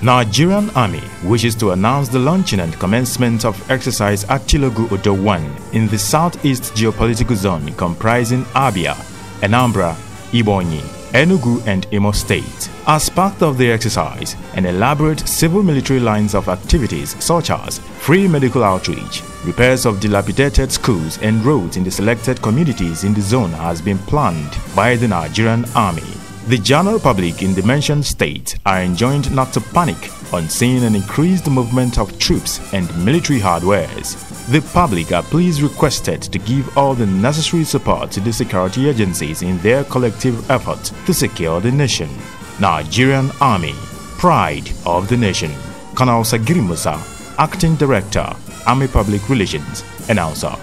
Nigerian Army wishes to announce the launching and commencement of exercise at Odo 1 in the southeast geopolitical zone comprising Abia, Anambra, Ibonyi, Enugu and Imo State. As part of the exercise, an elaborate civil military lines of activities such as free medical outreach, repairs of dilapidated schools and roads in the selected communities in the zone has been planned by the Nigerian Army. The general public in the mentioned state are enjoined not to panic on seeing an increased movement of troops and military hardwares. The public are please requested to give all the necessary support to the security agencies in their collective effort to secure the nation. Nigerian Army, pride of the nation. Colonel Sagiri Musa, Acting Director, Army Public Relations, announcer.